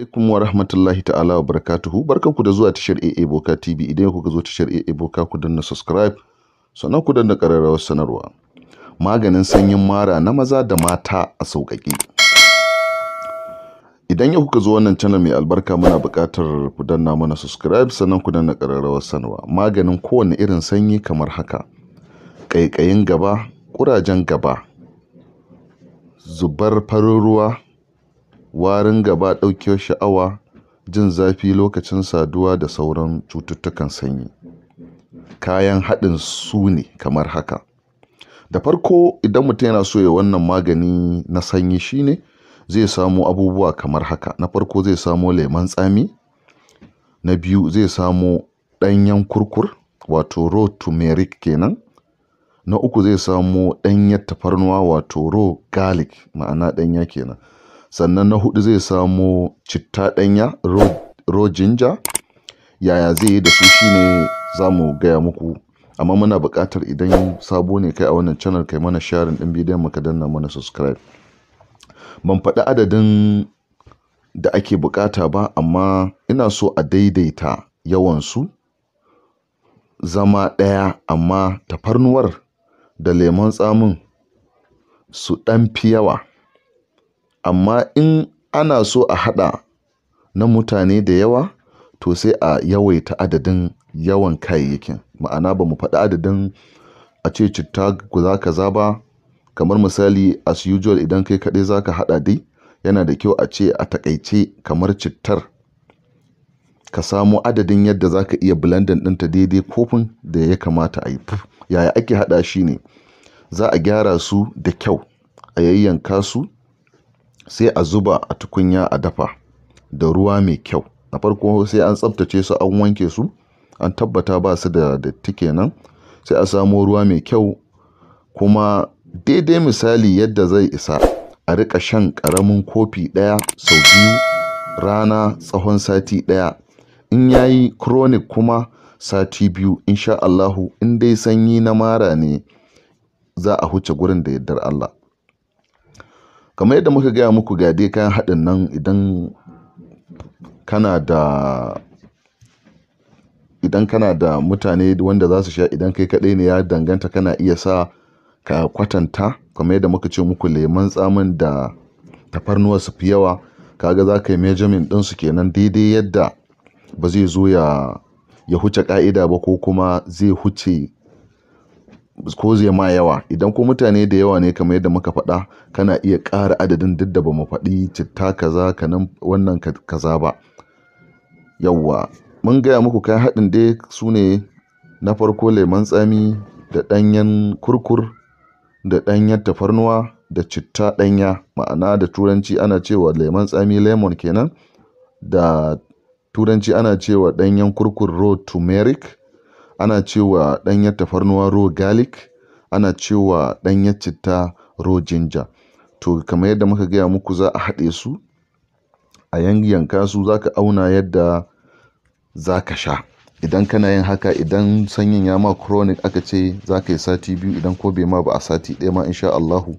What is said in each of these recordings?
alaikum wa rahmatullahi ta'ala wa barakatuhu barkanku da zuwa tashar AA Boka TV idan kuka zo tashar AA Boka ku danna subscribe sannan ku danna ƙararrawar sanarwa maganin sanyin mara na maza da mata a sauƙaƙe idan ya kuka zo wannan channel mai albarka muna buƙatar ku danna mana subscribe sannan ku danna ƙararrawar sanarwa maganin kowane irin sanyi kamar haka ƙaiƙayin gaba ƙurajen gaba zubar farin ruwa warin gaba, ɗaukewar sha'awa, jin zafi lokacin saduwa da sauran cututtukan sanyi. Kayan haɗin su ne kamar haka. Da farko idan mutum yana so ya wannan magani na sanyi shine zai samo abubuwa kamar haka. Na farko zai samo lemon tsami, na biyu zai samo ɗanyen kurkur wato raw turmeric kenan. Na uku zai samo ɗanyen tafarnuwa wato raw garlic ma'ana ɗanya kenan. sannan na hudu zai samo citta ɗanya raw yaya zai yi da su shine za mu gaya muku amma muna buƙatar idan sabo ne kai a wannan channel kai mana sharing ɗin bidiyon mu danna mana subscribe ban faɗi adadin da ake buƙata ba amma ina so a daidaita yawansu zama ɗaya amma tafarnuwar da lemon tsamin su ɗan fi yawa Amma in ana so a haɗa na mutane da yawa to sai a yawaita adadin yawan kayayyakin. Ma'ana ba mu faɗi adadin a ce citta guda kaza ba kamar misali as usual idan kai kaɗai za ka haɗa dai yana da kyau a ce a taƙaice kamar cittar ka samo adadin yadda za ka iya blending ɗinta daidai kofin da ya kamata a yi. Yaya ake haɗa shi ne za a gyara su da kyau, a yayyanka su sai a zuba a tukunya a dafa da ruwa mai kyau na farko sai an tsaftace su an wanke su an tabbata ba su da datti kenan sai a samo ruwa mai kyau kuma daidai misali yadda zai isa a rika shan ƙaramin kofi ɗaya sau biyu rana tsawon sati ɗaya in ya yi kronik kuma sati biyu insha Allahu in dai sanyi na mara ne za a huce gurin da yardar Allah kamar yadda muka gaya muku ga dai kayan haɗin nan idan kana da idan kana da mutane wanda za su sha idan kai kaɗai ne ya danganta kana iya sa ka kwatanta kamar yadda muka ce muku leman tsamin da tafarnuwa su fi yawa kaga za ka yi mejamin ɗinsu kenan daidai yadda ba zai zo ya ya huce ka'ida ba ko kuma zai huce ko zai ma yawa idan ko mutane da yawa ne kamar yadda muka faɗa kana iya ƙara adadin duk da ba faɗi citta kaza kanan wannan kaza ba yawwa mun gaya muku kai haɗin dai su ne na farko leman tsami da ɗanyen kurkur da ɗanyen tafarnuwa da citta ɗanya ma'ana da turanci ana cewa leman tsami lemon kenan da turanci ana cewa ɗanyen kurkur raw turmeric ana cewa ɗanyar tafarnuwa raw galik ana cewa ɗanyar citta raw jinja to kamar yadda muka gaya muku za a haɗe su a yanka su za ka auna yadda za ka sha idan kana yin haka idan sanyin ya ma chronic aka ce za ka yi sati biyu idan ko bai ma ba a sati ɗaya ma insha Allahu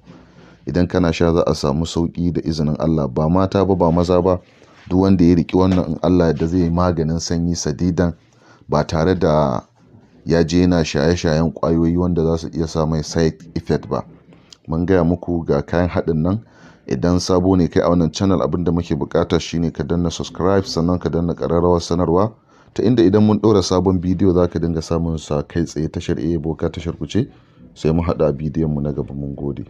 idan kana sha za a samu sauƙi da izinin Allah ba mata ba ba maza ba duk wanda ya riki wannan in Allah da zai yi maganin sanyi sadidan ba tare da ya je yana shaye-shayen ƙwayoyi wanda za su iya sa mai side effect ba mun gaya muku ga kayan haɗin nan idan sabo ne kai a wannan channel abin da muke bukata shine ka danna subscribe sannan ka danna ƙararrawar sanarwa ta inda idan mun ɗora sabon bidiyo za ka dinga samun sa kai tsaye tashar iya boka tashar ku ce sai mu haɗa bidiyon mu na gaba mun gode